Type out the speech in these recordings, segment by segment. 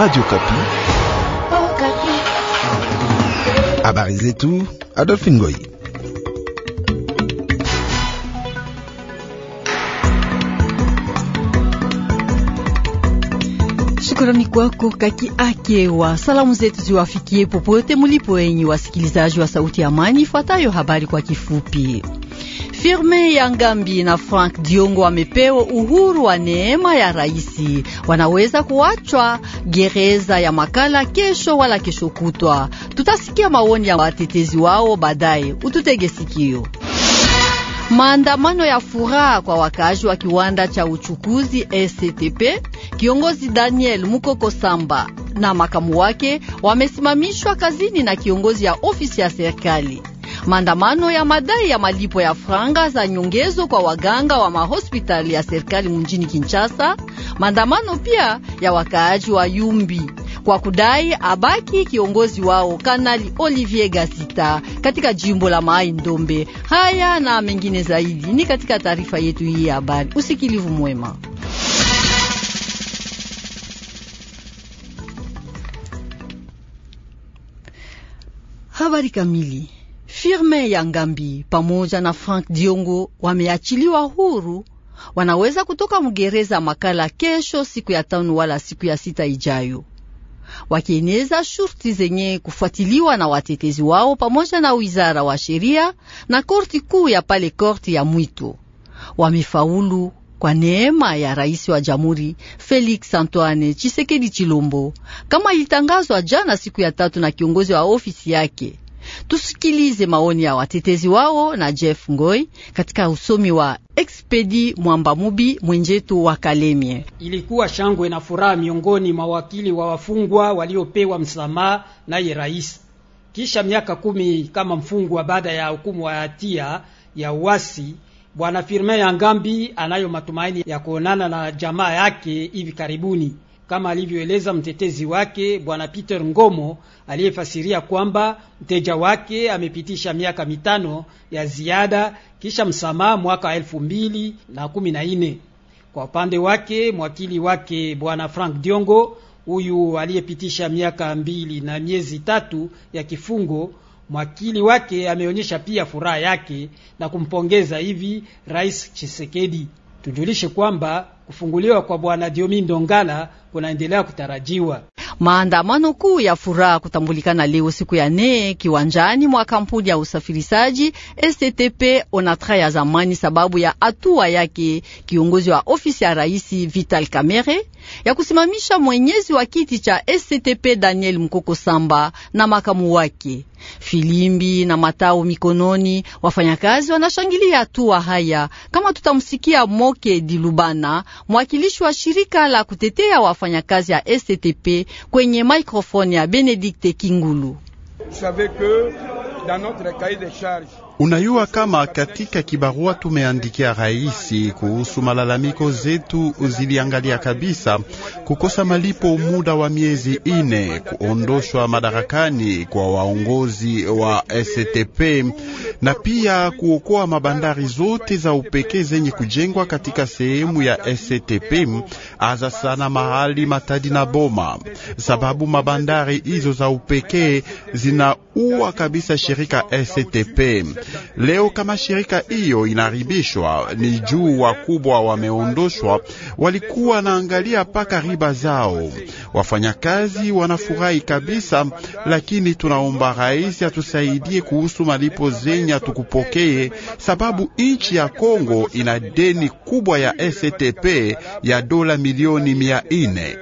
Radio Kapi. Habari zetu Adolphe Ngoi. Shukrani kwako kaki akewa. Salamu zetu ziwafikie popote mulipo, enyi wasikilizaji wa sauti ya amani. Ifuatayo habari kwa kifupi. Firme ya Ngambi na Frank Diongo wamepewa uhuru wa neema ya raisi, wanaweza kuachwa gereza ya Makala kesho wala kesho kutwa. Tutasikia maoni ya watetezi wao baadaye, ututege sikio. Maandamano ya furaha kwa wakazi wa kiwanda cha uchukuzi STP. Kiongozi Daniel Mukoko Samba na makamu wake wamesimamishwa kazini na kiongozi ya ofisi ya serikali. Maandamano ya madai ya malipo ya franga za nyongezo kwa waganga wa mahospitali ya serikali mjini Kinshasa. Maandamano pia ya wakaaji wa Yumbi kwa kudai abaki kiongozi wao Kanali Olivier Gasita katika jimbo la Mai Ndombe. Haya na mengine zaidi ni katika taarifa yetu hii ya habari. Usikilivu mwema. Habari kamili. Firme ya Ngambi pamoja na Frank Diongo wameachiliwa huru, wanaweza kutoka mgereza Makala kesho siku ya tano wala siku ya sita ijayo, wakieneza shurti zenye kufuatiliwa na watetezi wao pamoja na wizara wa sheria na korti kuu ya pale korti ya mwito. Wamefaulu kwa neema ya rais wa jamhuri Felix Antoine Chisekedi Chilombo, kama ilitangazwa jana siku ya tatu na kiongozi wa ofisi yake Tusikilize maoni ya watetezi wao na Jeff Ngoi katika usomi wa Expedi Mwamba Mubi mwenjetu wa Kalemie. Ilikuwa shangwe na furaha miongoni mwa wakili wa wafungwa waliopewa msamaha naye rais kisha miaka kumi kama mfungwa baada ya hukumu wa hatia ya uasi. Bwana Firmin Yangambi anayo matumaini ya kuonana na jamaa yake hivi karibuni kama alivyoeleza mtetezi wake bwana Peter Ngomo aliyefasiria kwamba mteja wake amepitisha miaka mitano ya ziada kisha msamaha mwaka elfu mbili na kumi na nne. Kwa upande wake mwakili wake bwana Frank Diongo, huyu aliyepitisha miaka mbili na miezi tatu ya kifungo, mwakili wake ameonyesha pia furaha yake na kumpongeza hivi Rais Chisekedi tujulishe kwamba kufunguliwa kwa bwana Diomi Ndongala kunaendelea kutarajiwa. Maandamano kuu ya furaha kutambulikana leo siku ya nne kiwanjani mwa kampuni ya usafirishaji STTP Onatra ya zamani, sababu ya hatua yake kiongozi wa ofisi ya rais Vital Kamerhe ya kusimamisha mwenyezi wa kiti cha STP Daniel Mukoko Samba na makamu wake filimbi na matao mikononi. Wafanyakazi wanashangilia hatua haya, kama tutamsikia Moke Dilubana, mwakilishi wa shirika la kutetea wafanyakazi ya STTP kwenye maikrofoni ya Benedikte Kingulu. Unayua kama katika kibarua tumeandikia raisi kuhusu malalamiko zetu, ziliangalia kabisa kukosa malipo muda wa miezi ine, kuondoshwa madarakani kwa waongozi wa STP na pia kuokoa mabandari zote za upekee zenye kujengwa katika sehemu ya STP, aza sana mahali Matadi na Boma, sababu mabandari hizo za upekee zinaua kabisa shirika STP. Leo kama shirika hiyo inaribishwa, ni juu wakubwa wameondoshwa, walikuwa naangalia paka riba zao. Wafanyakazi wanafurahi kabisa, lakini tunaomba rais atusaidie kuhusu malipo zenye tukupokee, sababu nchi ya Kongo ina deni kubwa ya STP ya dola milioni mia ine.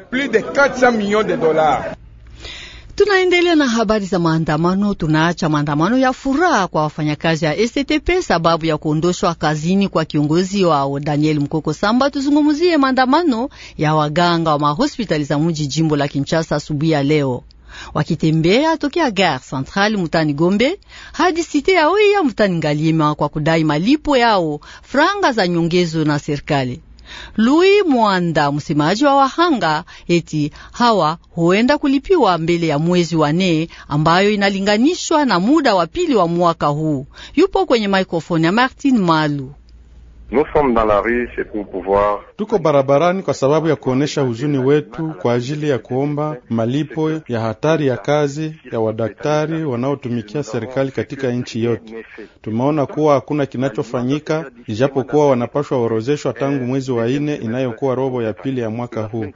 Tunaendelea na habari za maandamano. Tunaacha maandamano ya furaha kwa wafanyakazi ya STP sababu ya kuondoshwa kazini kwa kiongozi wao Daniel Mkoko Samba. Tuzungumzie maandamano ya waganga wa mahospitali za mji jimbo la Kinshasa asubuhi ya leo, wakitembea tokea Gare Centrale mutani Gombe hadi site ya Oya mutani Ngaliema kwa kudai malipo yao franga za nyongezo na serikali. Lui Mwanda, msemaji wa wahanga, eti hawa huenda kulipiwa mbele ya mwezi wa nne, ambayo inalinganishwa na muda wa pili wa mwaka huu. Yupo kwenye mikrofoni ya Martin Malu. Tuko barabarani kwa sababu ya kuonyesha huzuni wetu kwa ajili ya kuomba malipo ya hatari ya kazi ya wadaktari wanaotumikia serikali katika nchi yote. Tumeona kuwa hakuna kinachofanyika, ijapokuwa wanapashwa orozeshwa tangu mwezi wa nne inayokuwa robo ya pili ya mwaka huu.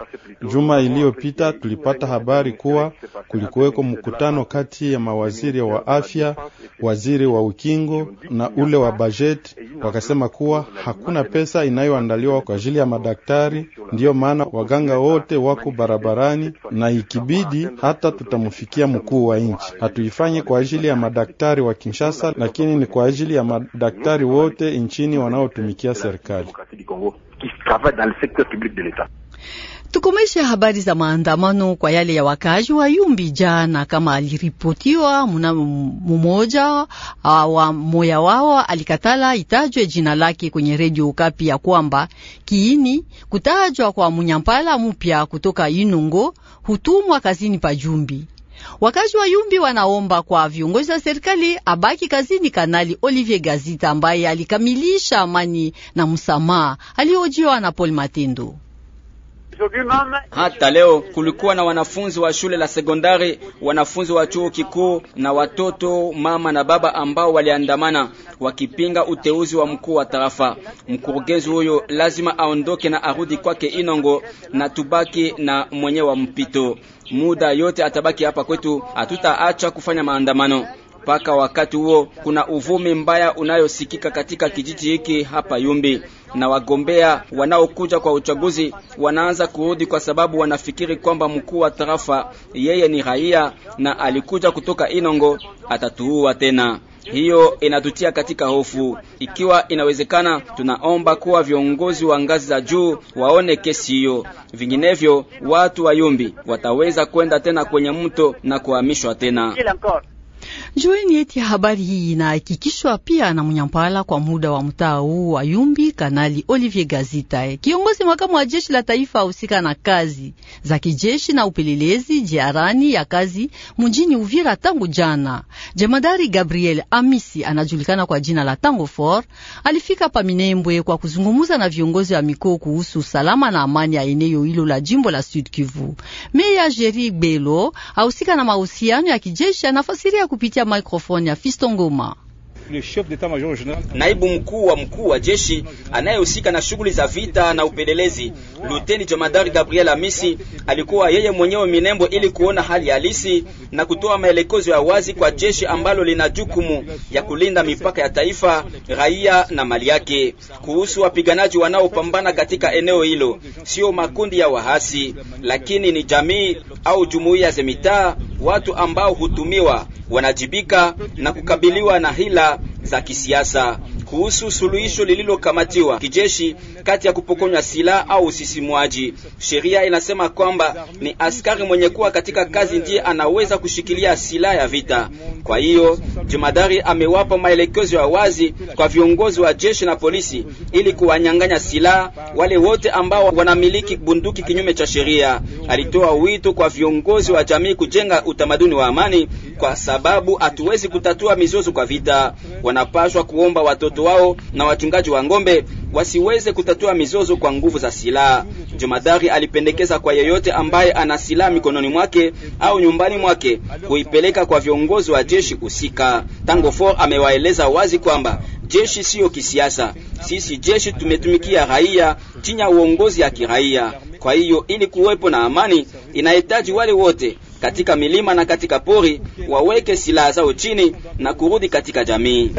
Juma iliyopita tulipata habari kuwa kulikuweko mkutano kati ya mawaziri wa afya, waziri wa ukingo na ule wa bajeti, wakasema kuwa hakuna pesa inayoandaliwa kwa ajili ya madaktari. Ndiyo maana waganga wote wako barabarani, na ikibidi hata tutamfikia mkuu wa nchi. Hatuifanye kwa ajili ya madaktari wa Kinshasa, lakini ni kwa ajili ya madaktari wote nchini wanaotumikia serikali. Tukomeshe habari za maandamano kwa yale ya wakaaji wa Yumbi jana, kama aliripotiwa muna mmoja ah, wa moya wao alikatala itajwe jina lake kwenye redio Ukapi ya kwamba kiini kutajwa kwa munyampala mupya kutoka inungo hutumwa kazini pa Jumbi. Wakazi wa Yumbi wanaomba kwa viongozi wa serikali abaki kazini Kanali Olivier Gazita ambaye alikamilisha amani na msamaha, aliojiwa na Paul Matendo. Hata leo kulikuwa na wanafunzi wa shule la sekondari, wanafunzi wa chuo kikuu na watoto mama na baba ambao waliandamana wakipinga uteuzi wa mkuu wa tarafa. Mkurugenzi huyo lazima aondoke na arudi kwake Inongo, na tubaki na mwenye wa mpito. Muda yote atabaki hapa kwetu, hatutaacha kufanya maandamano mpaka wakati huo. Kuna uvumi mbaya unayosikika katika kijiji hiki hapa Yumbi na wagombea wanaokuja kwa uchaguzi wanaanza kurudi, kwa sababu wanafikiri kwamba mkuu wa tarafa yeye ni raia na alikuja kutoka Inongo, atatuua tena. Hiyo inatutia katika hofu. Ikiwa inawezekana, tunaomba kuwa viongozi wa ngazi za juu waone kesi hiyo, vinginevyo watu wayumbi wataweza kwenda tena kwenye mto na kuhamishwa tena. Jueni eti habari hii inahakikishwa pia na mnyampala kwa muda wa mtaa huu wa Yumbi, Kanali Olivier Gazita, kiongozi makamu wa jeshi la taifa husika na kazi za kijeshi na upelelezi jiarani ya kazi mjini Uvira tangu jana. Jemadari Gabriel Amisi anajulikana kwa jina la Tango Fort alifika pa Minembwe kwa kuzungumza na viongozi wa mikoa kuhusu usalama na amani ya eneo hilo la jimbo la Sud Kivu. Meya Jeri Belo ahusika na mahusiano ya kijeshi anafasiria kupitia mikrofoni ya Fisto Ngoma. Naibu mkuu wa mkuu wa jeshi anayehusika na shughuli za vita na upelelezi, Luteni Jomadari Gabriel Amisi, alikuwa yeye mwenyewe Minembo ili kuona hali halisi na kutoa maelekezo ya wazi kwa jeshi ambalo lina jukumu ya kulinda mipaka ya taifa, raia na mali yake, kuhusu wapiganaji wanaopambana katika eneo hilo. Sio makundi ya wahasi, lakini ni jamii au jumuiya za mitaa, watu ambao hutumiwa wanajibika na kukabiliwa na hila za kisiasa. Kuhusu suluhisho lililokamatiwa kijeshi kati ya kupokonywa silaha au usisimwaji, sheria inasema kwamba ni askari mwenye kuwa katika kazi ndiye anaweza kushikilia silaha ya vita. Kwa hiyo jumadari amewapa maelekezo ya wazi kwa viongozi wa jeshi na polisi ili kuwanyang'anya silaha wale wote ambao wanamiliki bunduki kinyume cha sheria. Alitoa wito kwa viongozi wa jamii kujenga utamaduni wa amani, kwa sababu hatuwezi kutatua mizozo kwa vita. Wanapaswa kuomba watoto wao na wachungaji wa ng'ombe wasiweze kutatua mizozo kwa nguvu za silaha. Jomadari alipendekeza kwa yeyote ambaye ana silaha mikononi mwake au nyumbani mwake kuipeleka kwa viongozi wa jeshi husika. Tango Ford amewaeleza wazi kwamba jeshi siyo kisiasa. Sisi jeshi tumetumikia raia chini ya uongozi ya kiraia. Kwa hiyo ili kuwepo na amani, inahitaji wale wote katika milima na katika pori waweke silaha zao chini na kurudi katika jamii.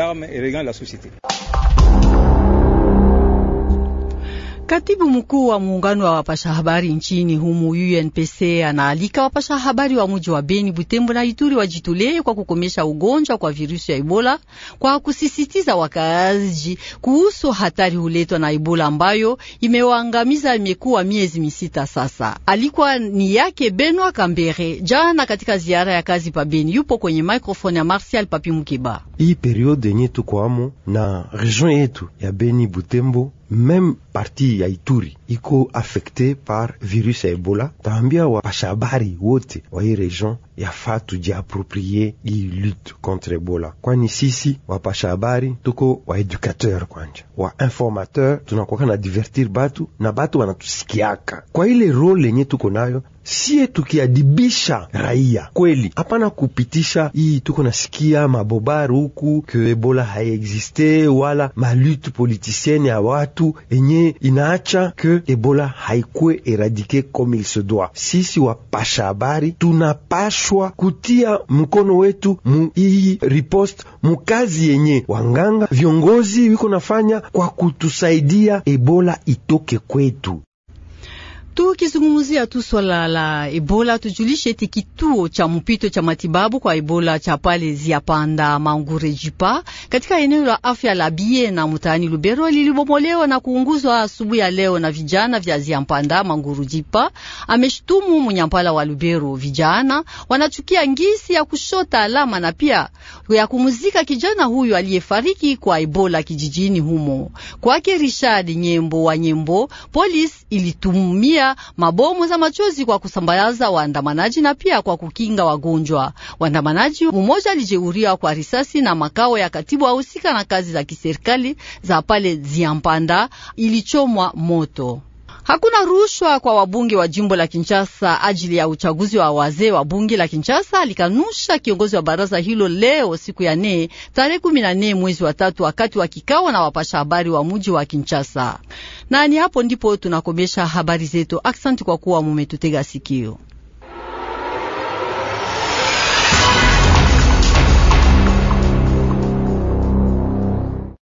Katibu mkuu wa muungano wa wapasha habari nchini humu UNPC anaalika wapasha habari wa muji wa Beni, Butembo na Ituri wajitulee kwa kukomesha ugonjwa kwa virusi ya Ebola kwa kusisitiza wakaaji kuhusu hatari huletwa na Ebola ambayo imewaangamiza imekuwa miezi misita sasa. Alikuwa ni yake Benwa Kambere jana katika ziara ya kazi pa Beni, yupo kwenye microphone ya Martial Papi Mukeba. Hii periode yenye tuko amo na region yetu ya Beni Butembo même parti ya Ituri iko afekte par virus ya Ebola. Taambia wapasha habari wote wa hii region yafaa tujiaproprie hii lutte contre Ebola, kwani sisi wapasha habari tuko waedukateur kwanja, wa informateur, tunakwaka na divertir batu na batu wanatusikiaka kwa ile role lenye tuko nayo siye tukiadibisha raia kweli, hapana kupitisha hii tuko nasikia mabobari huku ke Ebola haiexiste wala malute politisiene ya watu enye inaacha ke Ebola haikuwe eradike comme il se doit. Sisi wapasha habari tunapashwa kutia mkono wetu mu iyi riposte mu kazi yenye wanganga viongozi wiko nafanya kwa kutusaidia Ebola itoke kwetu. Tukizungumzia tu swala la Ebola, tujulishe eti kituo cha mpito cha matibabu kwa Ebola cha pale Ziapanda Jipa katika eneo la afya la Bie na mtaani Lubero lilibomolewa na kuunguzwa asubuhi ya leo na vijana vya Ziapanda Jipa. Ameshtumu mnyampala wa Lubero, vijana wanachukia ngisi ya kushota alama na pia ya kumuzika kijana huyu aliyefariki kwa Ebola kijijini humo. Kwake Richard Nyembo wa Nyembo, polisi ilitumia pia mabomu za machozi kwa kusambaza waandamanaji na pia kwa kukinga wagonjwa. Waandamanaji mmoja alijeruhiwa kwa risasi na makao ya katibu ahusika na kazi za kiserikali za pale Ziampanda ilichomwa moto. Hakuna rushwa kwa wabunge wa jimbo la Kinshasa ajili ya uchaguzi wa wazee wa bunge la Kinshasa, alikanusha kiongozi wa baraza hilo leo siku ya nne tarehe kumi na nne mwezi wa tatu wakati wa kikao na wapasha habari wa muji wa Kinshasa. ni hapo ndipo tunakomesha habari zetu. Aksanti kwa kuwa mumetutega sikio.